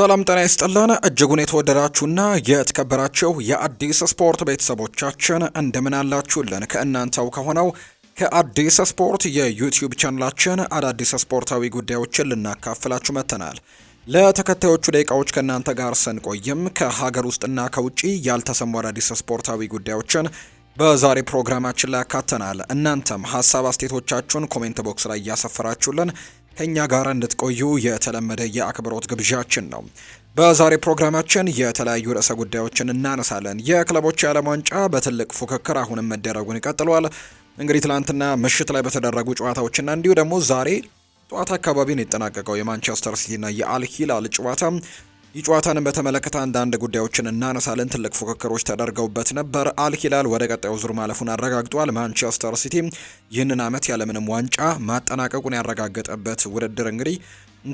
ሰላም ጤና ይስጥልን እጅጉን የተወደዳችሁና የተከበራችሁ የአዲስ ስፖርት ቤተሰቦቻችን እንደምን አላችሁልን? ከእናንተው ከሆነው ከአዲስ ስፖርት የዩቲዩብ ቻናላችን አዳዲስ ስፖርታዊ ጉዳዮችን ልናካፍላችሁ መጥተናል። ለተከታዮቹ ደቂቃዎች ከእናንተ ጋር ስንቆይም ከሀገር ውስጥና ከውጪ ያልተሰሙ አዳዲስ ስፖርታዊ ጉዳዮችን በዛሬ ፕሮግራማችን ላይ ያካተናል። እናንተም ሀሳብ አስተያየቶቻችሁን ኮሜንት ቦክስ ላይ እያሰፈራችሁልን ከእኛ ጋር እንድትቆዩ የተለመደ የአክብሮት ግብዣችን ነው። በዛሬ ፕሮግራማችን የተለያዩ ርዕሰ ጉዳዮችን እናነሳለን። የክለቦች የዓለም ዋንጫ በትልቅ ፉክክር አሁንም መደረጉን ይቀጥሏል። እንግዲህ ትላንትና ምሽት ላይ በተደረጉ ጨዋታዎችና እንዲሁ ደግሞ ዛሬ ጠዋት አካባቢ ነው የጠናቀቀው የማንቸስተር ሲቲና የአልሂላል ጨዋታ ጨዋታንም በተመለከተ አንዳንድ ጉዳዮችን እናነሳለን። ትልቅ ፉክክሮች ተደርገውበት ነበር። አልሂላል ወደ ቀጣዩ ዙር ማለፉን አረጋግጧል። ማንቸስተር ሲቲ ይህንን ዓመት ያለምንም ዋንጫ ማጠናቀቁን ያረጋገጠበት ውድድር እንግዲህ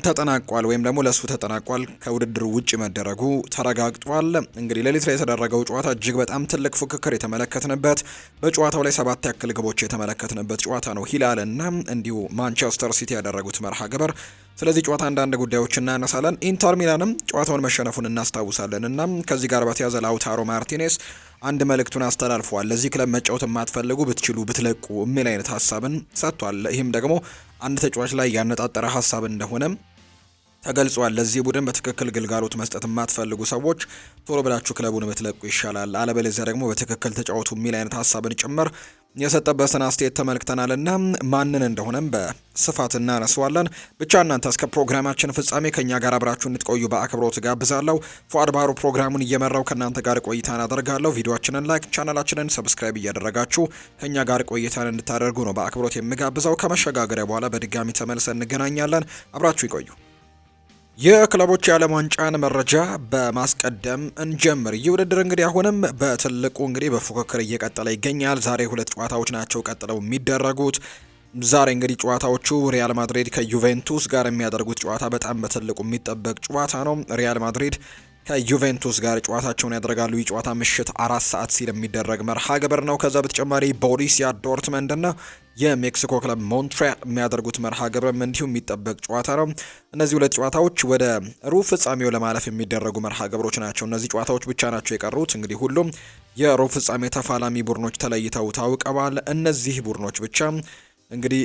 ተጠናቋል ወይም ደግሞ ለእሱ ተጠናቋል። ከውድድር ውጭ መደረጉ ተረጋግጧል። እንግዲህ ሌሊት ላይ የተደረገው ጨዋታ እጅግ በጣም ትልቅ ፉክክር የተመለከትንበት በጨዋታው ላይ ሰባት ያክል ግቦች የተመለከትንበት ጨዋታ ነው። ሂላል እና እንዲሁ ማንቸስተር ሲቲ ያደረጉት መርሃ ግብር ስለዚህ ጨዋታ አንዳንድ ጉዳዮች እናነሳለን። ኢንተር ሚላንም ጨዋታውን መሸነፉን እናስታውሳለን እና ከዚህ ጋር በተያዘ ላውታሮ ማርቲኔስ አንድ መልእክቱን አስተላልፏል ለዚህ ክለብ መጫወት የማትፈልጉ ብትችሉ ብትለቁ የሚል አይነት ሀሳብን ሰጥቷል። ይህም ደግሞ አንድ ተጫዋች ላይ ያነጣጠረ ሀሳብ እንደሆነ ተገልጿል። ለዚህ ቡድን በትክክል ግልጋሎት መስጠት የማትፈልጉ ሰዎች ቶሎ ብላችሁ ክለቡን ብትለቁ ይሻላል፣ አለበለዚያ ደግሞ በትክክል ተጫወቱ የሚል አይነት ሀሳብን ጭምር የሰጠበት የሰጠበትን አስተያየት ተመልክተናልና ማንን እንደሆነም በስፋት እናነሳዋለን። ብቻ እናንተ እስከ ፕሮግራማችን ፍጻሜ ከእኛ ጋር አብራችሁ እንድትቆዩ በአክብሮት ጋብዛለሁ። ፏድ ባህሩ ፕሮግራሙን እየመራው ከእናንተ ጋር ቆይታን አደርጋለሁ። ቪዲዮችንን ላይክ፣ ቻናላችንን ሰብስክራይብ እያደረጋችሁ ከእኛ ጋር ቆይታን እንድታደርጉ ነው በአክብሮት የምጋብዘው። ከመሸጋገሪያ በኋላ በድጋሚ ተመልሰ እንገናኛለን። አብራችሁ ይቆዩ። የክለቦች የዓለም ዋንጫን መረጃ በማስቀደም እንጀምር። ይህ ውድድር እንግዲህ አሁንም በትልቁ እንግዲህ በፉክክር እየቀጠለ ይገኛል። ዛሬ ሁለት ጨዋታዎች ናቸው ቀጥለው የሚደረጉት። ዛሬ እንግዲህ ጨዋታዎቹ ሪያል ማድሪድ ከዩቬንቱስ ጋር የሚያደርጉት ጨዋታ በጣም በትልቁ የሚጠበቅ ጨዋታ ነው። ሪያል ማድሪድ ከዩቬንቱስ ጋር ጨዋታቸውን ያደርጋሉ። የጨዋታ ምሽት አራት ሰዓት ሲል የሚደረግ መርሃ ግብር ነው። ከዛ በተጨማሪ ቦሪሲያ ዶርትመንድና የሜክሲኮ ክለብ ሞንትሪያል የሚያደርጉት መርሃ ግብርም እንዲሁም የሚጠበቅ ጨዋታ ነው። እነዚህ ሁለት ጨዋታዎች ወደ ሩብ ፍጻሜው ለማለፍ የሚደረጉ መርሃ ግብሮች ናቸው። እነዚህ ጨዋታዎች ብቻ ናቸው የቀሩት። እንግዲህ ሁሉም የሩብ ፍጻሜ ተፋላሚ ቡድኖች ተለይተው ታውቀዋል። እነዚህ ቡድኖች ብቻ እንግዲህ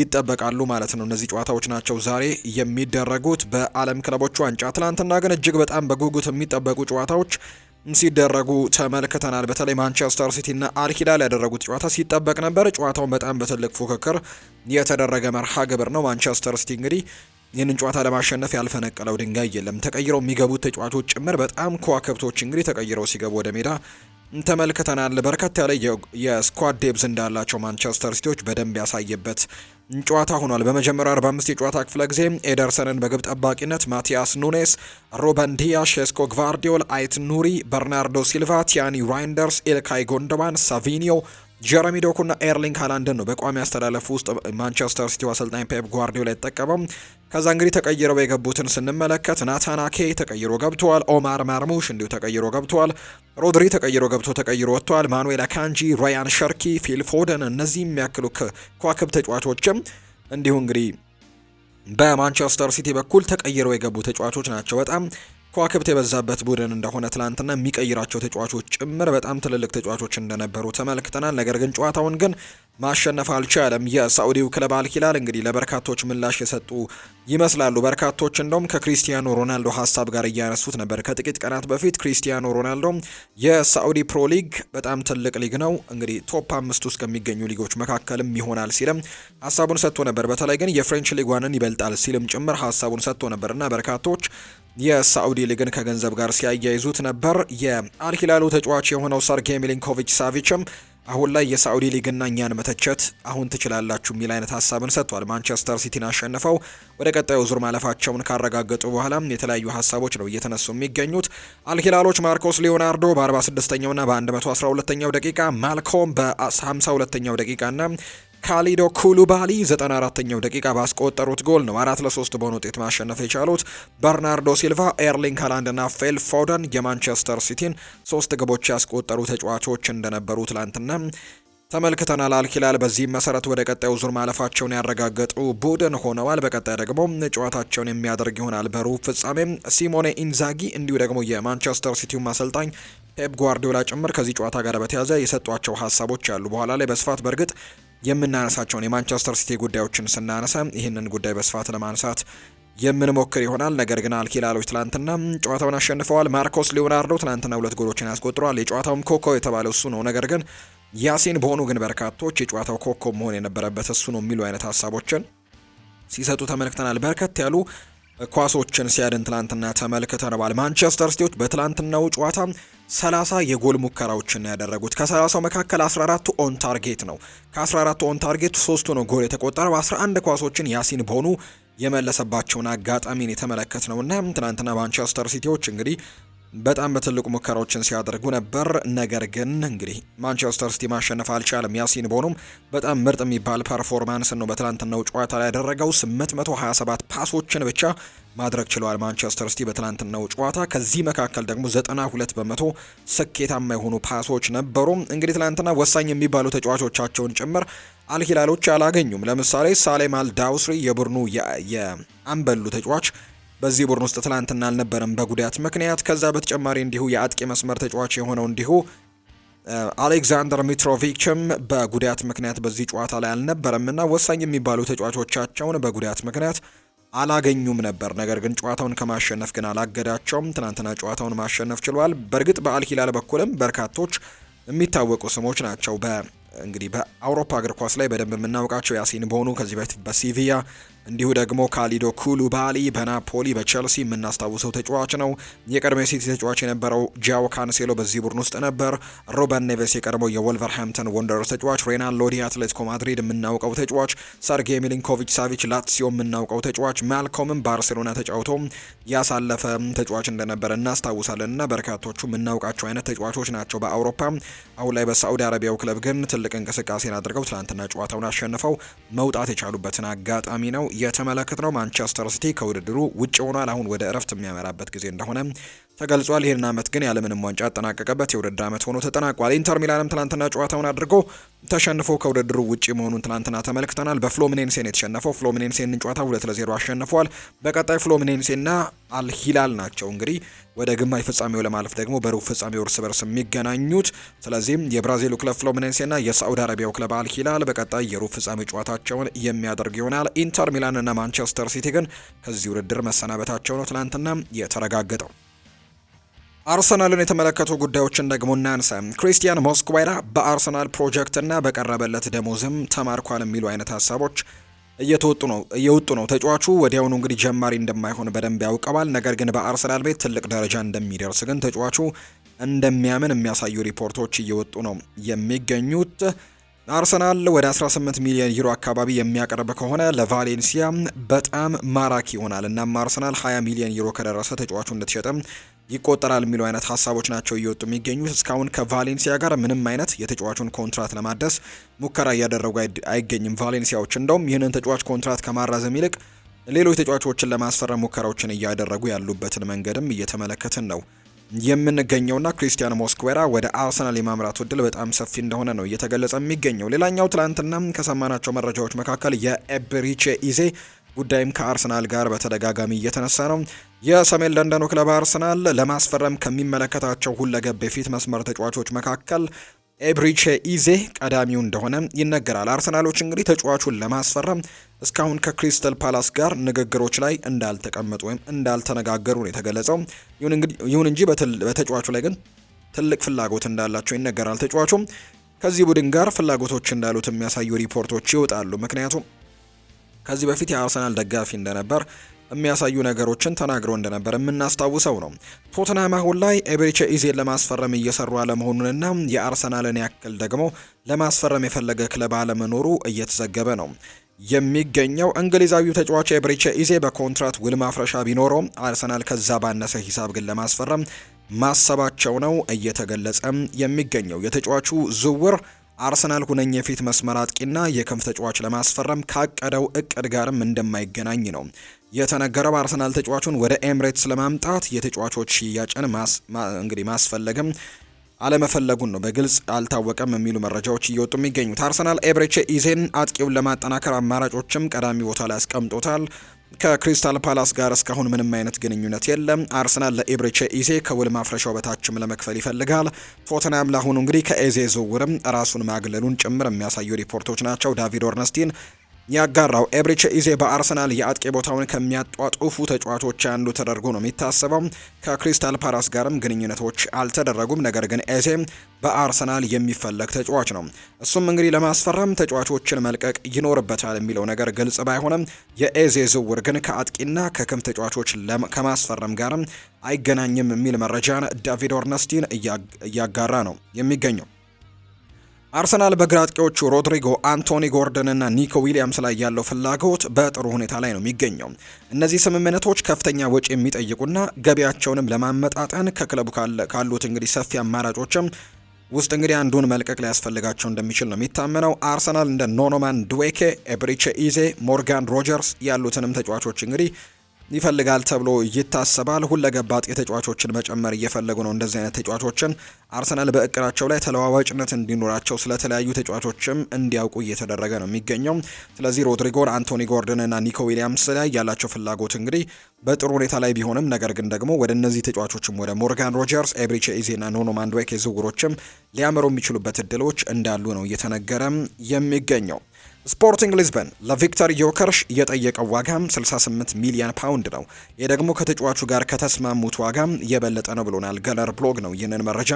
ይጠበቃሉ ማለት ነው። እነዚህ ጨዋታዎች ናቸው ዛሬ የሚደረጉት በዓለም ክለቦች ዋንጫ። ትናንትና ግን እጅግ በጣም በጉጉት የሚጠበቁ ጨዋታዎች ሲደረጉ ተመልክተናል። በተለይ ማንቸስተር ሲቲ እና አልሂላል ያደረጉት ጨዋታ ሲጠበቅ ነበር። ጨዋታውን በጣም በትልቅ ፉክክር የተደረገ መርሃ ግብር ነው። ማንቸስተር ሲቲ እንግዲህ ይህንን ጨዋታ ለማሸነፍ ያልፈነቀለው ድንጋይ የለም። ተቀይረው የሚገቡት ተጫዋቾች ጭምር በጣም ከዋክብቶች እንግዲህ ተቀይረው ሲገቡ ወደ ሜዳ ተመልክተናል። በርከት ያለ የስኳድ ዴብዝ እንዳላቸው ማንቸስተር ሲቲዎች በደንብ ያሳየበት ጨዋታ ሆኗል። በመጀመሪያ 45 የጨዋታ ክፍለ ጊዜ ኤደርሰንን በግብ ጠባቂነት፣ ማቲያስ ኑኔስ፣ ሮበን ዲያ፣ ሼስኮ ግቫርዲዮል፣ አይት ኑሪ፣ በርናርዶ ሲልቫ፣ ቲያኒ ራይንደርስ፣ ኤልካይ ጎንደዋን፣ ሳቪኒዮ ጀረሚ ዶኩና ኤርሊንግ ሃላንድን ነው በቋሚ አስተላለፉ ውስጥ ማንቸስተር ሲቲ አሰልጣኝ ፔፕ ጓርዲዮላ የተጠቀመው። ከዛ እንግዲህ ተቀይረው የገቡትን ስንመለከት ናታናኬ ተቀይሮ ገብተዋል። ኦማር ማርሙሽ እንዲሁ ተቀይሮ ገብተዋል። ሮድሪ ተቀይሮ ገብቶ ተቀይሮ ወጥቷል። ማኑኤል አካንጂ፣ ራያን ሸርኪ፣ ፊል ፎደን እነዚህ የሚያክሉ ከዋክብ ተጫዋቾችም እንዲሁ እንግዲህ በማንቸስተር ሲቲ በኩል ተቀይረው የገቡ ተጫዋቾች ናቸው። በጣም ከዋክብት የበዛበት ቡድን እንደሆነ ትላንትና የሚቀይራቸው ተጫዋቾች ጭምር በጣም ትልልቅ ተጫዋቾች እንደነበሩ ተመልክተናል። ነገር ግን ጨዋታውን ግን ማሸነፍ አልቻለም። የሳዑዲው ክለብ አልሂላል እንግዲህ ለበርካቶች ምላሽ የሰጡ ይመስላሉ። በርካቶች እንደውም ከክሪስቲያኖ ሮናልዶ ሀሳብ ጋር እያነሱት ነበር። ከጥቂት ቀናት በፊት ክሪስቲያኖ ሮናልዶ የሳዑዲ ፕሮ ሊግ በጣም ትልቅ ሊግ ነው፣ እንግዲህ ቶፕ አምስት ውስጥ ከሚገኙ ሊጎች መካከልም ይሆናል ሲልም ሀሳቡን ሰጥቶ ነበር። በተለይ ግን የፍሬንች ሊጓንን ይበልጣል ሲልም ጭምር ሀሳቡን ሰጥቶ እና በርካቶች የሳዑዲ ሊግን ከገንዘብ ጋር ሲያያይዙት ነበር። የአልሂላሉ ተጫዋች የሆነው ሰርጌ ሚሊንኮቪች ሳቪችም አሁን ላይ የሳዑዲ ሊግና እኛን መተቸት አሁን ትችላላችሁ የሚል አይነት ሀሳብን ሰጥቷል። ማንቸስተር ሲቲን አሸንፈው ወደ ቀጣዩ ዙር ማለፋቸውን ካረጋገጡ በኋላ የተለያዩ ሀሳቦች ነው እየተነሱ የሚገኙት። አልሂላሎች ማርኮስ ሊዮናርዶ በ46ኛውና በ112ኛው ደቂቃ ማልኮም በ52ኛው ደቂቃና ካሊዶ ኩሉባሊ 94ኛው ደቂቃ ባስቆጠሩት ጎል ነው አራት ለሶስት በሆነ ውጤት ማሸነፍ የቻሉት። በርናርዶ ሲልቫ፣ ኤርሊንግ ሃላንድና ፌል ፎደን የማንቸስተር ሲቲን ሶስት ግቦች ያስቆጠሩ ተጫዋቾች እንደነበሩ ትላንትና ተመልክተናል። አልኪላል በዚህም መሰረት ወደ ቀጣዩ ዙር ማለፋቸውን ያረጋገጡ ቡድን ሆነዋል። በቀጣይ ደግሞ ጨዋታቸውን የሚያደርግ ይሆናል በሩብ ፍጻሜ ሲሞኔ ኢንዛጊ እንዲሁ ደግሞ የማንቸስተር ሲቲው አሰልጣኝ ፔፕ ጓርዲዮላ ጭምር ከዚህ ጨዋታ ጋር በተያያዘ የሰጧቸው ሀሳቦች አሉ በኋላ ላይ በስፋት በእርግጥ የምናነሳቸውን የማንቸስተር ሲቲ ጉዳዮችን ስናነሳ ይህንን ጉዳይ በስፋት ለማንሳት የምንሞክር ይሆናል። ነገር ግን አልኪላሎች ትላንትና ጨዋታውን አሸንፈዋል። ማርኮስ ሊዮናርዶ ትላንትና ሁለት ጎሎችን ያስቆጥሯል። የጨዋታውም ኮከብ የተባለው እሱ ነው። ነገር ግን ያሲን በሆኑ ግን በርካቶች የጨዋታው ኮከብ መሆን የነበረበት እሱ ነው የሚሉ አይነት ሀሳቦችን ሲሰጡ ተመልክተናል። በርከት ያሉ ኳሶችን ሲያድን ትላንትና ተመልክተነዋል። ማንቸስተር ሲቲዎች በትላንትናው ጨዋታ 30 የጎል ሙከራዎችን ያደረጉት ከ30 መካከል 14 ኦን ታርጌት ነው። ከ14 ኦን ታርጌት ሶስቱ ነው ጎል የተቆጠረው። 11 ኳሶችን ያሲን ቦኑ የመለሰባቸውን አጋጣሚን የተመለከት ነው እና ትናንትና ማንቸስተር ሲቲዎች እንግዲህ በጣም በትልቁ ሙከራዎችን ሲያደርጉ ነበር። ነገር ግን እንግዲህ ማንቸስተር ሲቲ ማሸነፍ አልቻለም። ያሲን ቦኖም በጣም ምርጥ የሚባል ፐርፎርማንስ ነው በትላንትናው ጨዋታ ላይ ያደረገው። 827 ፓሶችን ብቻ ማድረግ ችሏል ማንቸስተር ሲቲ በትላንትናው ጨዋታ። ከዚህ መካከል ደግሞ 92 በመቶ ስኬታማ የሆኑ ፓሶች ነበሩ። እንግዲህ ትላንትና ወሳኝ የሚባሉ ተጫዋቾቻቸውን ጭምር አልሂላሎች አላገኙም። ለምሳሌ ሳሌም አልዳውስሪ የቡድኑ የአምበሉ ተጫዋች በዚህ ቡድን ውስጥ ትላንትና አልነበረም በጉዳት ምክንያት። ከዛ በተጨማሪ እንዲሁ የአጥቂ መስመር ተጫዋች የሆነው እንዲሁ አሌክዛንደር ሚትሮቪችም በጉዳት ምክንያት በዚህ ጨዋታ ላይ አልነበረም እና ወሳኝ የሚባሉ ተጫዋቾቻቸውን በጉዳት ምክንያት አላገኙም ነበር። ነገር ግን ጨዋታውን ከማሸነፍ ግን አላገዳቸውም። ትናንትና ጨዋታውን ማሸነፍ ችሏል። በእርግጥ በአል በኩልም በርካቶች የሚታወቁ ስሞች ናቸው በእንግዲህ በአውሮፓ እግር ኳስ ላይ በደንብ የምናውቃቸው ያሲን በሆኑ ከዚህ በፊት በሲቪያ እንዲሁ ደግሞ ካሊዶ ኩሉባሊ በናፖሊ በቸልሲ የምናስታውሰው ተጫዋች ነው። የቀድሞ የሲቲ ተጫዋች የነበረው ጃው ካንሴሎ በዚህ ቡድን ውስጥ ነበር። ሩበን ኔቬስ የቀድሞ የወልቨርሃምተን ወንደርስ ተጫዋች፣ ሬናን ሎዲ አትሌቲኮ ማድሪድ የምናውቀው ተጫዋች፣ ሰርጌ ሚሊንኮቪች ሳቪች ላትሲዮ የምናውቀው ተጫዋች፣ ማልኮምም ባርሴሎና ተጫውቶ ያሳለፈ ተጫዋች እንደነበረ እናስታውሳለን እና በርካቶቹ የምናውቃቸው አይነት ተጫዋቾች ናቸው በአውሮፓ። አሁን ላይ በሳዑዲ አረቢያው ክለብ ግን ትልቅ እንቅስቃሴን አድርገው ትላንትና ጨዋታውን አሸንፈው መውጣት የቻሉበትን አጋጣሚ ነው የተመለከት ነው። ማንቸስተር ሲቲ ከውድድሩ ውጭ ሆኗል። አሁን ወደ እረፍት የሚያመራበት ጊዜ እንደሆነ ተገልጿል። ይህን ዓመት ግን ያለምንም ዋንጫ ያጠናቀቀበት የውድድር ዓመት ሆኖ ተጠናቋል። ኢንተር ሚላንም ትላንትና ጨዋታውን አድርጎ ተሸንፎ ከውድድሩ ውጪ መሆኑን ትላንትና ተመልክተናል። በፍሎሚኔንሴን የተሸነፈው ፍሎሚኔንሴን ጨዋታ ሁለት ለዜሮ አሸንፏል። በቀጣይ ፍሎሚኔንሴና አልሂላል ናቸው እንግዲህ ወደ ግማሽ ፍጻሜው ለማለፍ ደግሞ በሩብ ፍጻሜው እርስ በርስ የሚገናኙት። ስለዚህም የብራዚሉ ክለብ ፍሎሚኔንሴና የሳዑዲ አረቢያው ክለብ አልሂላል በቀጣይ የሩብ ፍጻሜ ጨዋታቸውን የሚያደርግ ይሆናል። ኢንተር ሚላንና ማንቸስተር ሲቲ ግን ከዚህ ውድድር መሰናበታቸው ነው ትላንትና የተረጋገጠው። አርሰናልን የተመለከቱ ጉዳዮችን ደግሞ እናንሳ። ክሪስቲያን ሞስኩዌራ በአርሰናል ፕሮጀክትና በቀረበለት ደሞዝም ተማርኳል የሚሉ አይነት ሀሳቦች እየተወጡ ነው እየወጡ ነው። ተጫዋቹ ወዲያውኑ እንግዲህ ጀማሪ እንደማይሆን በደንብ ያውቀዋል። ነገር ግን በአርሰናል ቤት ትልቅ ደረጃ እንደሚደርስ ግን ተጫዋቹ እንደሚያምን የሚያሳዩ ሪፖርቶች እየወጡ ነው የሚገኙት። አርሰናል ወደ 18 ሚሊዮን ዩሮ አካባቢ የሚያቀርብ ከሆነ ለቫሌንሲያ በጣም ማራኪ ይሆናል። እናም አርሰናል 20 ሚሊዮን ዩሮ ከደረሰ ተጫዋቹ እንድትሸጥም ይቆጠራል የሚሉ አይነት ሀሳቦች ናቸው እየወጡ የሚገኙት። እስካሁን ከቫሌንሲያ ጋር ምንም አይነት የተጫዋቹን ኮንትራት ለማደስ ሙከራ እያደረጉ አይገኝም። ቫሌንሲያዎች እንደውም ይህንን ተጫዋች ኮንትራት ከማራዘም ይልቅ ሌሎች ተጫዋቾችን ለማስፈረም ሙከራዎችን እያደረጉ ያሉበትን መንገድም እየተመለከትን ነው የምንገኘውና ክሪስቲያን ሞስኩዌራ ወደ አርሰናል የማምራት እድል በጣም ሰፊ እንደሆነ ነው እየተገለጸ የሚገኘው። ሌላኛው ትላንትና ከሰማናቸው መረጃዎች መካከል የኤብሪቼ ኢዜ ጉዳይም ከአርሰናል ጋር በተደጋጋሚ እየተነሳ ነው። የሰሜን ለንደኑ ክለብ አርሰናል ለማስፈረም ከሚመለከታቸው ሁለገብ የፊት መስመር ተጫዋቾች መካከል ኤብሪቼ ኢዜ ቀዳሚው እንደሆነ ይነገራል። አርሰናሎች እንግዲህ ተጫዋቹን ለማስፈረም እስካሁን ከክሪስተል ፓላስ ጋር ንግግሮች ላይ እንዳልተቀመጡ ወይም እንዳልተነጋገሩ ነው የተገለጸው። ይሁን እንጂ በተጫዋቹ ላይ ግን ትልቅ ፍላጎት እንዳላቸው ይነገራል። ተጫዋቹም ከዚህ ቡድን ጋር ፍላጎቶች እንዳሉት የሚያሳዩ ሪፖርቶች ይወጣሉ። ምክንያቱም ከዚህ በፊት የአርሰናል ደጋፊ እንደነበር የሚያሳዩ ነገሮችን ተናግሮ እንደነበር የምናስታውሰው ነው። ቶትናም አሁን ላይ ኤቤሪቼ ኢዜን ለማስፈረም እየሰሩ አለመሆኑንና የአርሰናልን ያክል ደግሞ ለማስፈረም የፈለገ ክለብ አለመኖሩ እየተዘገበ ነው የሚገኘው እንግሊዛዊው ተጫዋች ኤቤሪቼ ኢዜ በኮንትራት ውል ማፍረሻ ቢኖረውም አርሰናል ከዛ ባነሰ ሂሳብ ግን ለማስፈረም ማሰባቸው ነው እየተገለጸ የሚገኘው የተጫዋቹ ዝውውር አርሰናል ሁነኝ የፊት መስመር አጥቂና የክንፍ ተጫዋች ለማስፈረም ካቀደው እቅድ ጋርም እንደማይገናኝ ነው የተነገረው። አርሰናል ተጫዋቹን ወደ ኤምሬትስ ለማምጣት የተጫዋቾች ሽያጭን እንግዲህ ማስፈለግም አለመፈለጉን ነው በግልጽ አልታወቀም የሚሉ መረጃዎች እየወጡ የሚገኙት። አርሰናል ኤብሬቼ ኢዜን አጥቂውን ለማጠናከር አማራጮችም ቀዳሚ ቦታ ላይ አስቀምጦታል። ከክሪስታል ፓላስ ጋር እስካሁን ምንም አይነት ግንኙነት የለም። አርሰናል ለኤብሪቼ ኢዜ ከውል ማፍረሻው በታችም ለመክፈል ይፈልጋል። ቶተናም ለአሁኑ እንግዲህ ከኤዜ ዝውውርም ራሱን ማግለሉን ጭምር የሚያሳዩ ሪፖርቶች ናቸው። ዳቪድ ኦርነስቲን ያጋራው ኤብሪች ኢዜ በአርሰናል የአጥቂ ቦታውን ከሚያጧጡፉ ተጫዋቾች አንዱ ተደርጎ ነው የሚታሰበው። ከክሪስታል ፓላስ ጋርም ግንኙነቶች አልተደረጉም። ነገር ግን ኤዜ በአርሰናል የሚፈለግ ተጫዋች ነው። እሱም እንግዲህ ለማስፈረም ተጫዋቾችን መልቀቅ ይኖርበታል የሚለው ነገር ግልጽ ባይሆንም የኤዜ ዝውውር ግን ከአጥቂና ከክም ተጫዋቾች ከማስፈረም ጋርም አይገናኝም የሚል መረጃን ዳቪድ ኦርነስቲን እያጋራ ነው የሚገኘው። አርሰናል በግራ አጥቂዎቹ ሮድሪጎ፣ አንቶኒ ጎርደን እና ኒኮ ዊሊያምስ ላይ ያለው ፍላጎት በጥሩ ሁኔታ ላይ ነው የሚገኘው። እነዚህ ስምምነቶች ከፍተኛ ወጪ የሚጠይቁና ገቢያቸውንም ለማመጣጠን ከክለቡ ካሉት እንግዲህ ሰፊ አማራጮችም ውስጥ እንግዲህ አንዱን መልቀቅ ሊያስፈልጋቸው እንደሚችል ነው የሚታመነው። አርሰናል እንደ ኖኖማን ድዌኬ፣ ኤብሪቼ ኢዜ፣ ሞርጋን ሮጀርስ ያሉትንም ተጫዋቾች እንግዲህ ይፈልጋል ተብሎ ይታሰባል። ሁለገብ አጥቂ ተጫዋቾችን መጨመር እየፈለጉ ነው። እንደዚህ አይነት ተጫዋቾችን አርሰናል በእቅዳቸው ላይ ተለዋዋጭነት እንዲኖራቸው ስለተለያዩ ተጫዋቾችም እንዲያውቁ እየተደረገ ነው የሚገኘው። ስለዚህ ሮድሪጎን፣ አንቶኒ ጎርደን እና ኒኮ ዊሊያምስ ላይ ያላቸው ፍላጎት እንግዲህ በጥሩ ሁኔታ ላይ ቢሆንም ነገር ግን ደግሞ ወደ እነዚህ ተጫዋቾችም ወደ ሞርጋን ሮጀርስ፣ ኤብሪቼ ኢዜና ኖኖ ማንድዌክ ዝውውሮችም ሊያመሩ የሚችሉበት እድሎች እንዳሉ ነው እየተነገረም የሚገኘው። ስፖርቲንግ ሊዝበን ለቪክተር ዮከርሽ የጠየቀው ዋጋም 68 ሚሊዮን ፓውንድ ነው። ይህ ደግሞ ከተጫዋቹ ጋር ከተስማሙት ዋጋም የበለጠ ነው ብሎናል። ገለር ብሎግ ነው ይህንን መረጃ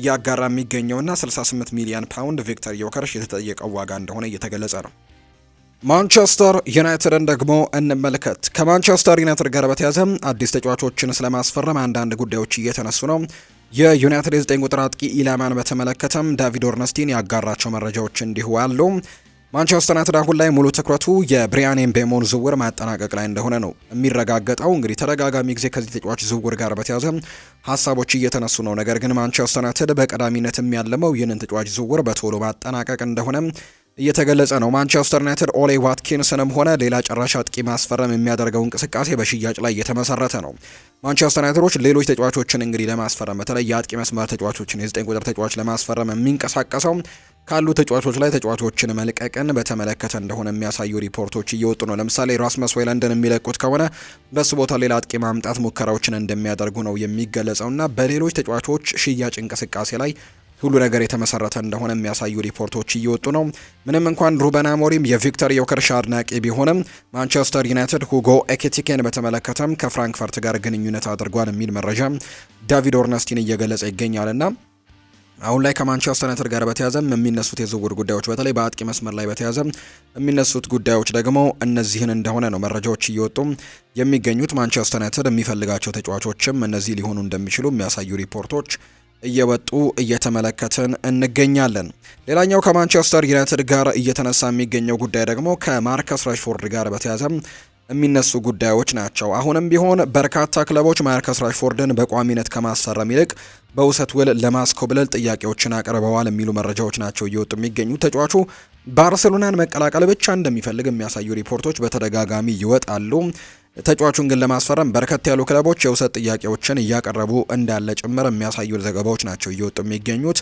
እያጋራ የሚገኘውና 68 ሚሊዮን ፓውንድ ቪክተር ዮከርሽ የተጠየቀው ዋጋ እንደሆነ እየተገለጸ ነው። ማንቸስተር ዩናይትድን ደግሞ እንመልከት። ከማንቸስተር ዩናይትድ ጋር በተያዘ አዲስ ተጫዋቾችን ስለማስፈረም አንዳንድ ጉዳዮች እየተነሱ ነው። የዩናይትድ የዘጠኝ ቁጥር አጥቂ ኢላማን በተመለከተም ዳቪድ ኦርነስቲን ያጋራቸው መረጃዎች እንዲሁ አሉ። ማንቸስተር ዩናይትድ አሁን ላይ ሙሉ ትኩረቱ የብሪያን ኤምቤሞን ዝውውር ማጠናቀቅ ላይ እንደሆነ ነው የሚረጋገጠው። እንግዲህ ተደጋጋሚ ጊዜ ከዚህ ተጫዋች ዝውውር ጋር በተያዘ ሀሳቦች እየተነሱ ነው። ነገር ግን ማንቸስተር ዩናይትድ በቀዳሚነት የሚያለመው ይህንን ተጫዋች ዝውውር በቶሎ ማጠናቀቅ እንደሆነ እየተገለጸ ነው። ማንቸስተር ዩናይትድ ኦሌ ዋትኪንስንም ሆነ ሌላ ጨራሽ አጥቂ ማስፈረም የሚያደርገው እንቅስቃሴ በሽያጭ ላይ እየተመሰረተ ነው። ማንቸስተር ዩናይትዶች ሌሎች ተጫዋቾችን እንግዲህ ለማስፈረም በተለይ የአጥቂ መስመር ተጫዋቾችን የዘጠኝ ቁጥር ተጫዋች ለማስፈረም የሚንቀሳቀሰው ካሉ ተጫዋቾች ላይ ተጫዋቾችን መልቀቅን በተመለከተ እንደሆነ የሚያሳዩ ሪፖርቶች እየወጡ ነው። ለምሳሌ ራስመስ ሆይለንድን የሚለቁት ከሆነ በሱ ቦታ ሌላ አጥቂ ማምጣት ሙከራዎችን እንደሚያደርጉ ነው የሚገለጸውና በሌሎች ተጫዋቾች ሽያጭ እንቅስቃሴ ላይ ሁሉ ነገር የተመሰረተ እንደሆነ የሚያሳዩ ሪፖርቶች እየወጡ ነው። ምንም እንኳን ሩበን አሞሪም የቪክተር ዮከርሽ አድናቂ ቢሆንም ማንቸስተር ዩናይትድ ሁጎ ኤኬቲኬን በተመለከተም ከፍራንክፈርት ጋር ግንኙነት አድርጓል የሚል መረጃ ዳቪድ ኦርነስቲን እየገለጸ ይገኛልና አሁን ላይ ከማንቸስተር ዩናይትድ ጋር በተያዘም የሚነሱት የዝውውር ጉዳዮች በተለይ በአጥቂ መስመር ላይ በተያዘም የሚነሱት ጉዳዮች ደግሞ እነዚህን እንደሆነ ነው መረጃዎች እየወጡ የሚገኙት። ማንቸስተር ዩናይትድ የሚፈልጋቸው ተጫዋቾችም እነዚህ ሊሆኑ እንደሚችሉ የሚያሳዩ ሪፖርቶች እየወጡ እየተመለከትን እንገኛለን። ሌላኛው ከማንቸስተር ዩናይትድ ጋር እየተነሳ የሚገኘው ጉዳይ ደግሞ ከማርከስ ራሽፎርድ ጋር በተያዘም የሚነሱ ጉዳዮች ናቸው። አሁንም ቢሆን በርካታ ክለቦች ማርከስ ራሽፎርድን በቋሚነት ከማስፈረም ይልቅ በውሰት ውል ለማስኮብለል ጥያቄዎችን አቅርበዋል የሚሉ መረጃዎች ናቸው እየወጡ የሚገኙ ተጫዋቹ ባርሴሎናን መቀላቀል ብቻ እንደሚፈልግ የሚያሳዩ ሪፖርቶች በተደጋጋሚ ይወጣሉ። ተጫዋቹን ግን ለማስፈረም በርከት ያሉ ክለቦች የውሰት ጥያቄዎችን እያቀረቡ እንዳለ ጭምር የሚያሳዩ ዘገባዎች ናቸው እየወጡ የሚገኙት።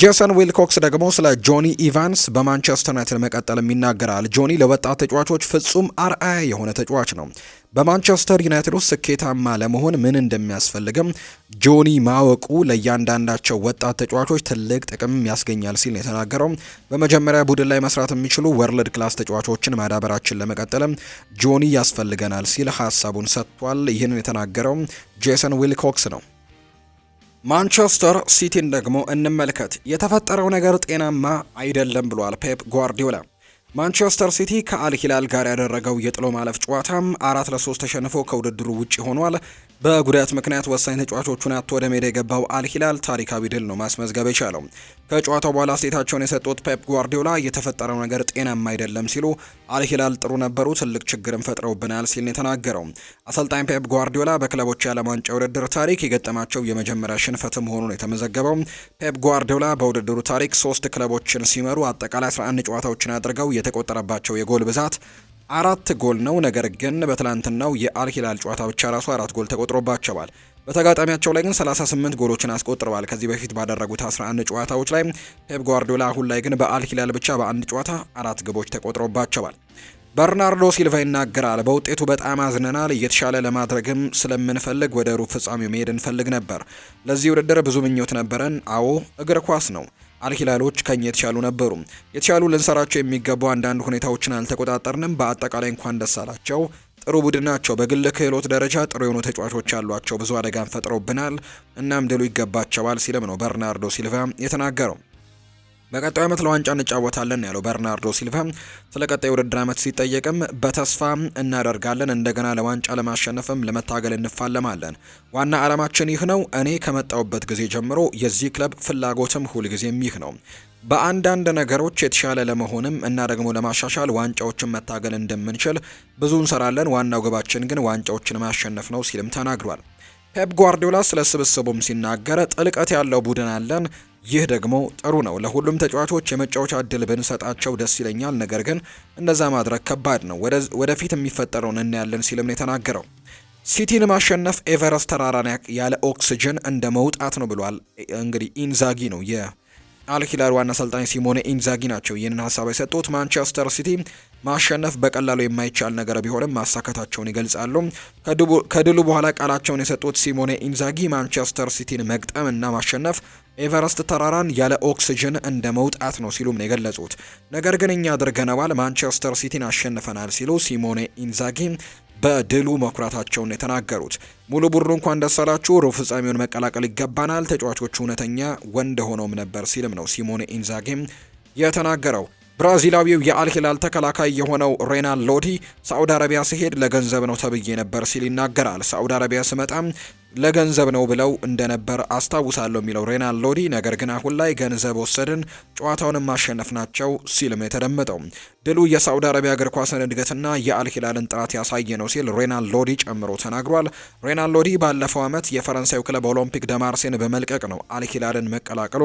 ጄሰን ዊልኮክስ ደግሞ ስለ ጆኒ ኢቫንስ በማንቸስተር ዩናይትድ መቀጠልም ይናገራል። ጆኒ ለወጣት ተጫዋቾች ፍጹም አርአያ የሆነ ተጫዋች ነው። በማንቸስተር ዩናይትድ ውስጥ ስኬታማ ለመሆን ምን እንደሚያስፈልግም ጆኒ ማወቁ ለእያንዳንዳቸው ወጣት ተጫዋቾች ትልቅ ጥቅም ያስገኛል ሲል ነው የተናገረው። በመጀመሪያ ቡድን ላይ መስራት የሚችሉ ወርልድ ክላስ ተጫዋቾችን ማዳበራችን ለመቀጠልም ጆኒ ያስፈልገናል ሲል ሀሳቡን ሰጥቷል። ይህንን የተናገረው ጄሰን ዊልኮክስ ነው። ማንቸስተር ሲቲን ደግሞ እንመልከት። የተፈጠረው ነገር ጤናማ አይደለም ብሏል ፔፕ ጓርዲዮላ። ማንቸስተር ሲቲ ከአልሂላል ጋር ያደረገው የጥሎ ማለፍ ጨዋታም አራት ለሶስት ተሸንፎ ከውድድሩ ውጭ ሆኗል። በጉዳት ምክንያት ወሳኝ ተጫዋቾቹን አጥቶ ወደ ሜዳ የገባው አልሂላል ታሪካዊ ድል ነው ማስመዝገብ የቻለው። ከጨዋታው በኋላ አስተያየታቸውን የሰጡት ፔፕ ጓርዲዮላ የተፈጠረው ነገር ጤናማ አይደለም ሲሉ አልሂላል ጥሩ ነበሩ፣ ትልቅ ችግርም ፈጥረውብናል ሲል የተናገረው አሰልጣኝ ፔፕ ጓርዲዮላ በክለቦች የዓለም ዋንጫ ውድድር ታሪክ የገጠማቸው የመጀመሪያ ሽንፈት መሆኑን የተመዘገበው ፔፕ ጓርዲዮላ በውድድሩ ታሪክ ሶስት ክለቦችን ሲመሩ አጠቃላይ 11 ጨዋታዎችን አድርገው የተቆጠረባቸው የጎል ብዛት አራት ጎል ነው። ነገር ግን በትላንትናው የአልሂላል ጨዋታ ብቻ ራሱ አራት ጎል ተቆጥሮባቸዋል። በተጋጣሚያቸው ላይ ግን 38 ጎሎችን አስቆጥረዋል። ከዚህ በፊት ባደረጉት 11 ጨዋታዎች ላይ ፔፕ ጓርዲዮላ አሁን ላይ ግን በአልሂላል ብቻ በአንድ ጨዋታ አራት ግቦች ተቆጥሮባቸዋል። በርናርዶ ሲልቫ ይናገራል። በውጤቱ በጣም አዝነናል። እየተሻለ ለማድረግም ስለምንፈልግ ወደ ሩብ ፍጻሜው መሄድ እንፈልግ ነበር። ለዚህ ውድድር ብዙ ምኞት ነበረን። አዎ እግር ኳስ ነው አልሂላሎች ከኛ የተሻሉ ነበሩ። የተሻሉ ልንሰራቸው የሚገቡ አንዳንድ ሁኔታዎችን አልተቆጣጠርንም። በአጠቃላይ እንኳን ደስ አላቸው። ጥሩ ቡድን ናቸው። በግል ክህሎት ደረጃ ጥሩ የሆኑ ተጫዋቾች አሏቸው ብዙ አደጋን ፈጥረውብናል። እናም ድሉ ይገባቸዋል ሲልም ነው በርናርዶ ሲልቫ የተናገረው። በቀጣዩ ዓመት ለዋንጫ እንጫወታለን ያለው በርናርዶ ሲልቫ ስለ ቀጣይ ውድድር ዓመት ሲጠየቅም በተስፋ እናደርጋለን፣ እንደገና ለዋንጫ ለማሸነፍም ለመታገል እንፋለማለን። ዋና ዓላማችን ይህ ነው። እኔ ከመጣውበት ጊዜ ጀምሮ የዚህ ክለብ ፍላጎትም ሁልጊዜም ይህ ነው። በአንዳንድ ነገሮች የተሻለ ለመሆንም እና ደግሞ ለማሻሻል ዋንጫዎችን መታገል እንደምንችል ብዙ እንሰራለን። ዋናው ግባችን ግን ዋንጫዎችን ማሸነፍ ነው ሲልም ተናግሯል። ፔፕ ጓርዲዮላ ስለ ስብስቡም ሲናገር ጥልቀት ያለው ቡድን አለን ይህ ደግሞ ጥሩ ነው። ለሁሉም ተጫዋቾች የመጫወቻ እድል ብንሰጣቸው ደስ ይለኛል፣ ነገር ግን እንደዛ ማድረግ ከባድ ነው። ወደፊት የሚፈጠረውን እናያለን ሲልም ነው የተናገረው። ሲቲን ማሸነፍ ኤቨረስት ተራራን ያለ ኦክስጅን እንደ መውጣት ነው ብሏል። እንግዲህ ኢንዛጊ ነው የአልሂላል ዋና አሰልጣኝ ሲሞኔ ኢንዛጊ ናቸው ይህንን ሀሳብ የሰጡት። ማንቸስተር ሲቲ ማሸነፍ በቀላሉ የማይቻል ነገር ቢሆንም ማሳካታቸውን ይገልጻሉ። ከድሉ በኋላ ቃላቸውን የሰጡት ሲሞኔ ኢንዛጊ ማንቸስተር ሲቲን መግጠም እና ማሸነፍ ኤቨረስት ተራራን ያለ ኦክስጅን እንደ መውጣት ነው ሲሉም ነው የገለጹት። ነገር ግን እኛ አድርገነዋል፣ ማንቸስተር ሲቲን አሸንፈናል ሲሉ ሲሞኔ ኢንዛጊ በድሉ መኩራታቸውን የተናገሩት ሙሉ ቡድኑ እንኳን ደስ አላችሁ፣ ሩብ ፍጻሜውን መቀላቀል ይገባናል፣ ተጫዋቾቹ እውነተኛ ወንድ ሆነውም ነበር ሲልም ነው ሲሞኔ ኢንዛጊም የተናገረው። ብራዚላዊው የአልሂላል ተከላካይ የሆነው ሬናል ሎዲ ሳዑዲ አረቢያ ሲሄድ ለገንዘብ ነው ተብዬ ነበር ሲል ይናገራል። ሳዑዲ አረቢያ ስመጣም ለገንዘብ ነው ብለው እንደነበር አስታውሳለሁ የሚለው ሬናል ሎዲ፣ ነገር ግን አሁን ላይ ገንዘብ ወሰድን ጨዋታውን ማሸነፍ ናቸው ሲልም የተደመጠው ድሉ የሳውዲ አረቢያ እግር ኳስን እድገትና የአልሂላልን ጥራት ያሳየ ነው ሲል ሬናል ሎዲ ጨምሮ ተናግሯል። ሬናል ሎዲ ባለፈው ዓመት የፈረንሳዩ ክለብ ኦሎምፒክ ደማርሴን በመልቀቅ ነው አልሂላልን መቀላቀሉ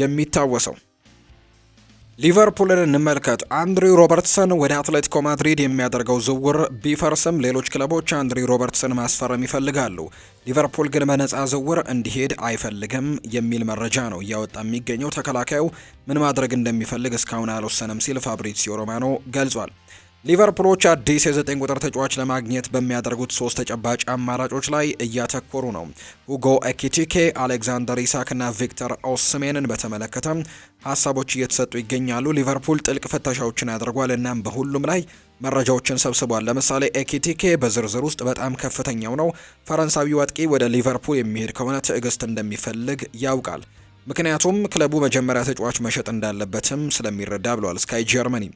የሚታወሰው። ሊቨርፑልን እንመልከት። አንድሪው ሮበርትሰን ወደ አትሌቲኮ ማድሪድ የሚያደርገው ዝውውር ቢፈርስም ሌሎች ክለቦች አንድሪው ሮበርትሰን ማስፈረም ይፈልጋሉ። ሊቨርፑል ግን በነፃ ዝውውር እንዲሄድ አይፈልግም የሚል መረጃ ነው እያወጣ የሚገኘው። ተከላካዩ ምን ማድረግ እንደሚፈልግ እስካሁን አልወሰነም ሲል ፋብሪሲዮ ሮማኖ ገልጿል። ሊቨርፑሎች አዲስ የዘጠኝ ቁጥር ተጫዋች ለማግኘት በሚያደርጉት ሶስት ተጨባጭ አማራጮች ላይ እያተኮሩ ነው። ሁጎ ኤኪቲኬ፣ አሌክዛንደር ኢሳክ እና ቪክተር ኦስሜንን በተመለከተ ሀሳቦች እየተሰጡ ይገኛሉ። ሊቨርፑል ጥልቅ ፍተሻዎችን ያደርጓል እናም በሁሉም ላይ መረጃዎችን ሰብስቧል። ለምሳሌ ኤኪቲኬ በዝርዝር ውስጥ በጣም ከፍተኛው ነው። ፈረንሳዊ አጥቂ ወደ ሊቨርፑል የሚሄድ ከሆነ ትዕግስት እንደሚፈልግ ያውቃል። ምክንያቱም ክለቡ መጀመሪያ ተጫዋች መሸጥ እንዳለበትም ስለሚረዳ ብሏል ስካይ ጀርመኒ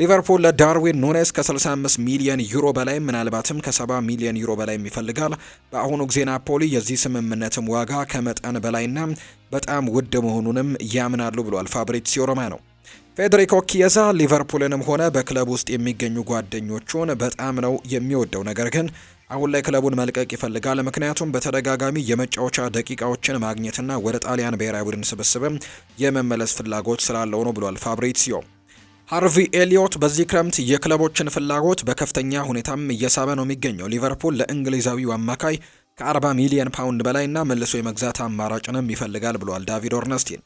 ሊቨርፑል ለዳርዊን ኑኔስ ከ65 ሚሊዮን ዩሮ በላይ ምናልባትም ከ70 ሚሊዮን ዩሮ በላይ ይፈልጋል። በአሁኑ ጊዜ ናፖሊ የዚህ ስምምነትም ዋጋ ከመጠን በላይና በጣም ውድ መሆኑንም ያምናሉ ብሏል ፋብሪዚዮ ሮማኖ። ፌዴሪኮ ኪየዛ ሊቨርፑልንም ሆነ በክለብ ውስጥ የሚገኙ ጓደኞቹን በጣም ነው የሚወደው፣ ነገር ግን አሁን ላይ ክለቡን መልቀቅ ይፈልጋል። ምክንያቱም በተደጋጋሚ የመጫወቻ ደቂቃዎችን ማግኘትና ወደ ጣሊያን ብሔራዊ ቡድን ስብስብም የመመለስ ፍላጎት ስላለው ነው ብሏል ፋብሪዚዮ ሃርቪ ኤሊዮት በዚህ ክረምት የክለቦችን ፍላጎት በከፍተኛ ሁኔታም እየሳበ ነው የሚገኘው። ሊቨርፑል ለእንግሊዛዊው አማካይ ከ40 ሚሊዮን ፓውንድ በላይና መልሶ የመግዛት አማራጭንም ይፈልጋል ብሏል ዳቪድ ኦርነስቲን።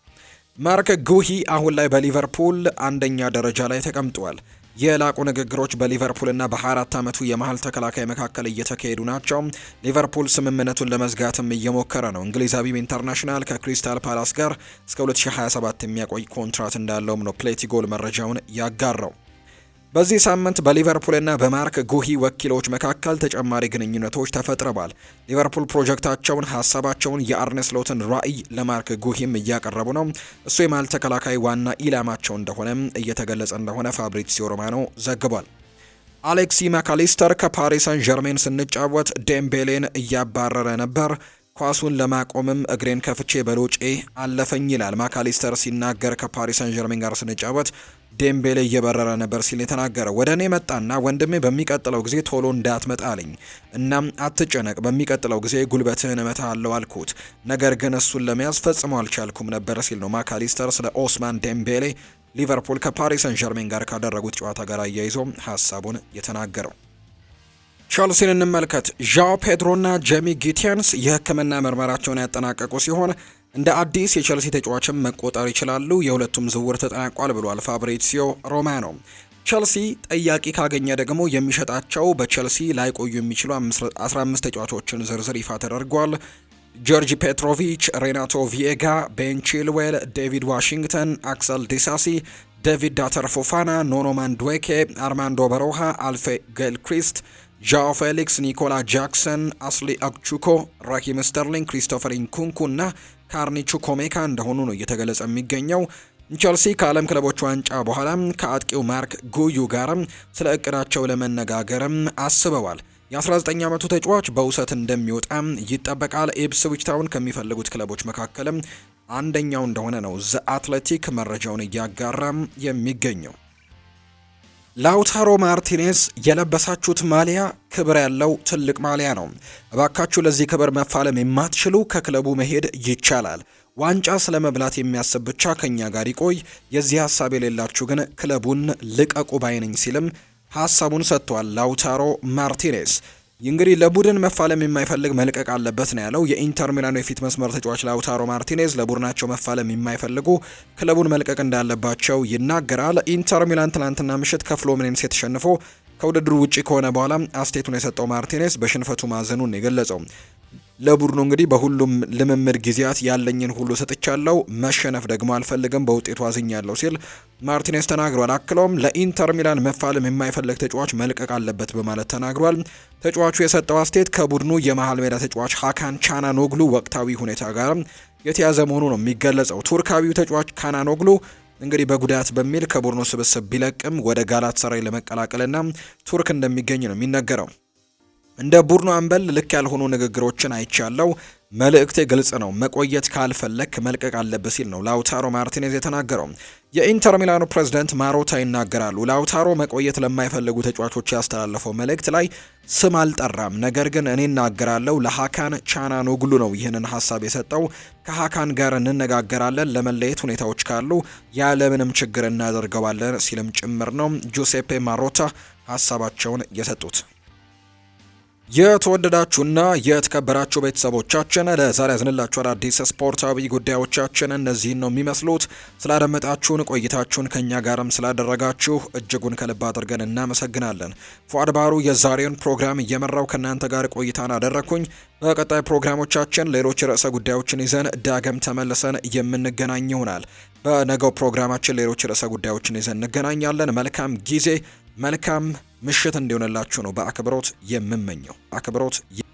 ማርክ ጉሂ አሁን ላይ በሊቨርፑል አንደኛ ደረጃ ላይ ተቀምጧል። የላቁ ንግግሮች በሊቨርፑልና በ24 ዓመቱ የመሀል ተከላካይ መካከል እየተካሄዱ ናቸው። ሊቨርፑል ስምምነቱን ለመዝጋትም እየሞከረ ነው። እንግሊዛዊው ኢንተርናሽናል ከክሪስታል ፓላስ ጋር እስከ 2027 የሚያቆይ ኮንትራት እንዳለውም ነው ፕሌቲጎል መረጃውን ያጋራው። በዚህ ሳምንት በሊቨርፑልና በማርክ ጉሂ ወኪሎች መካከል ተጨማሪ ግንኙነቶች ተፈጥረዋል። ሊቨርፑል ፕሮጀክታቸውን፣ ሀሳባቸውን የአርነ ስሎትን ራዕይ ለማርክ ጉሂም እያቀረቡ ነው። እሱ የማል ተከላካይ ዋና ኢላማቸው እንደሆነም እየተገለጸ እንደሆነ ፋብሪዚዮ ሮማኖ ዘግቧል። አሌክሲ ማካሊስተር ከፓሪስ ሰን ጀርሜን ስንጫወት ዴምቤሌን እያባረረ ነበር ኳሱን ለማቆምም እግሬን ከፍቼ በሎጬ አለፈኝ ይላል ማካሊስተር ሲናገር። ከፓሪስ ሰን ጀርሜን ጋር ስንጫወት ዴምቤሌ እየበረረ ነበር ሲል የተናገረው። ወደ እኔ መጣና ወንድሜ በሚቀጥለው ጊዜ ቶሎ እንዳትመጣ አለኝ። እናም አትጨነቅ፣ በሚቀጥለው ጊዜ ጉልበትህን አለው አልኩት። ነገር ግን እሱን ለመያዝ ፈጽሞ አልቻልኩም ነበር ሲል ነው ማካሊስተር ስለ ኦስማን ዴምቤሌ ሊቨርፑል ከፓሪስ ሰን ዠርሜን ጋር ካደረጉት ጨዋታ ጋር አያይዞ ሀሳቡን የተናገረው። ቸልሲን እንመልከት። ዣኦ ፔድሮና ጄሚ ጊቴንስ የህክምና ምርመራቸውን ያጠናቀቁ ሲሆን እንደ አዲስ የቸልሲ ተጫዋችም መቆጠር ይችላሉ። የሁለቱም ዝውውር ተጠናቋል ብሏል ፋብሪሲዮ ሮማኖ። ቸልሲ ጠያቂ ካገኘ ደግሞ የሚሸጣቸው በቸልሲ ላይቆዩ የሚችሉ 15 ተጫዋቾችን ዝርዝር ይፋ ተደርጓል። ጆርጂ ፔትሮቪች፣ ሬናቶ ቪዬጋ፣ ቤን ቺልዌል፣ ዴቪድ ዋሽንግተን፣ አክሰል ዲሳሲ፣ ዴቪድ ዳተር ፎፋና፣ ኖኖ ማንድዌኬ፣ አርማንዶ በሮሃ፣ አልፌ ጌልክሪስት፣ ጃኦ ፌሊክስ፣ ኒኮላ ጃክሰን፣ አስሊ አክቹኮ፣ ራሂም ስተርሊንግ፣ ክሪስቶፈር ኢንኩንኩ እና ካርኒቹ ኮሜካ እንደሆኑ ነው እየተገለጸ የሚገኘው። ቸልሲ ከዓለም ክለቦች ዋንጫ በኋላ ከአጥቂው ማርክ ጉዩ ጋርም ስለ እቅዳቸው ለመነጋገርም አስበዋል። የ19 ዓመቱ ተጫዋች በውሰት እንደሚወጣ ይጠበቃል። ኢፕስዊች ታውን ከሚፈልጉት ክለቦች መካከልም አንደኛው እንደሆነ ነው ዘ አትሌቲክ መረጃውን እያጋራም የሚገኘው። ላውታሮ ማርቲኔዝ የለበሳችሁት ማሊያ ክብር ያለው ትልቅ ማሊያ ነው። እባካችሁ ለዚህ ክብር መፋለም የማትችሉ ከክለቡ መሄድ ይቻላል። ዋንጫ ስለ መብላት የሚያስብ ብቻ ከእኛ ጋር ይቆይ። የዚህ ሀሳብ የሌላችሁ ግን ክለቡን ልቀቁ ባይነኝ ሲልም ሀሳቡን ሰጥቷል ላውታሮ ማርቲኔዝ። እንግዲህ ለቡድን መፋለም የማይፈልግ መልቀቅ አለበት ነው ያለው። የኢንተር ሚላኑ የፊት መስመር ተጫዋች ላውታሮ ማርቲኔዝ ለቡድናቸው መፋለም የማይፈልጉ ክለቡን መልቀቅ እንዳለባቸው ይናገራል። ኢንተር ሚላን ትናንትና ምሽት ከፍሎሚኔንስ የተሸንፎ ከውድድሩ ውጪ ከሆነ በኋላ አስቴቱን የሰጠው ማርቲኔስ በሽንፈቱ ማዘኑን የገለጸው ለቡድኑ እንግዲህ በሁሉም ልምምድ ጊዜያት ያለኝን ሁሉ ሰጥቻለሁ፣ መሸነፍ ደግሞ አልፈልግም፣ በውጤቱ አዝኛለሁ ሲል ማርቲኔስ ተናግሯል። አክለውም ለኢንተር ሚላን መፋለም የማይፈልግ ተጫዋች መልቀቅ አለበት በማለት ተናግሯል። ተጫዋቹ የሰጠው አስተያየት ከቡድኑ የመሃል ሜዳ ተጫዋች ሀካን ቻናኖግሉ ወቅታዊ ሁኔታ ጋር የተያዘ መሆኑ ነው የሚገለጸው። ቱርካዊው ተጫዋች ካናኖግሉ እንግዲህ በጉዳት በሚል ከቡድኑ ስብስብ ቢለቅም ወደ ጋላት ሰራይ ለመቀላቀልና ቱርክ እንደሚገኝ ነው የሚነገረው። እንደ ቡድኑ አምበል ልክ ያልሆኑ ንግግሮችን አይቻለው። መልእክቴ ግልጽ ነው፣ መቆየት ካልፈለክ መልቀቅ አለብህ ሲል ነው ላውታሮ ማርቲኔዝ የተናገረው። የኢንተር ሚላኑ ፕሬዝዳንት ማሮታ ይናገራሉ። ላውታሮ መቆየት ለማይፈልጉ ተጫዋቾች ያስተላለፈው መልእክት ላይ ስም አልጠራም፣ ነገር ግን እኔ እናገራለሁ። ለሀካን ቻናኖግሉ ነው ይህንን ሀሳብ የሰጠው። ከሀካን ጋር እንነጋገራለን፣ ለመለየት ሁኔታዎች ካሉ ያለምንም ችግር እናደርገዋለን ሲልም ጭምር ነው ጁሴፔ ማሮታ ሀሳባቸውን የሰጡት። የተወደዳችሁና የተከበራችሁ ቤተሰቦቻችን ለዛሬ ያዝንላችሁ አዳዲስ ስፖርታዊ ጉዳዮቻችን እነዚህን ነው የሚመስሉት። ስላደመጣችሁን ቆይታችሁን ከእኛ ጋርም ስላደረጋችሁ እጅጉን ከልብ አድርገን እናመሰግናለን። ፏድ ባህሩ የዛሬውን ፕሮግራም እየመራው ከእናንተ ጋር ቆይታን አደረግኩኝ። በቀጣይ ፕሮግራሞቻችን ሌሎች ርዕሰ ጉዳዮችን ይዘን ዳግም ተመልሰን የምንገናኝ ይሆናል። በነገው ፕሮግራማችን ሌሎች ርዕሰ ጉዳዮችን ይዘን እንገናኛለን። መልካም ጊዜ መልካም ምሽት እንዲሆንላችሁ ነው በአክብሮት የምመኘው። አክብሮት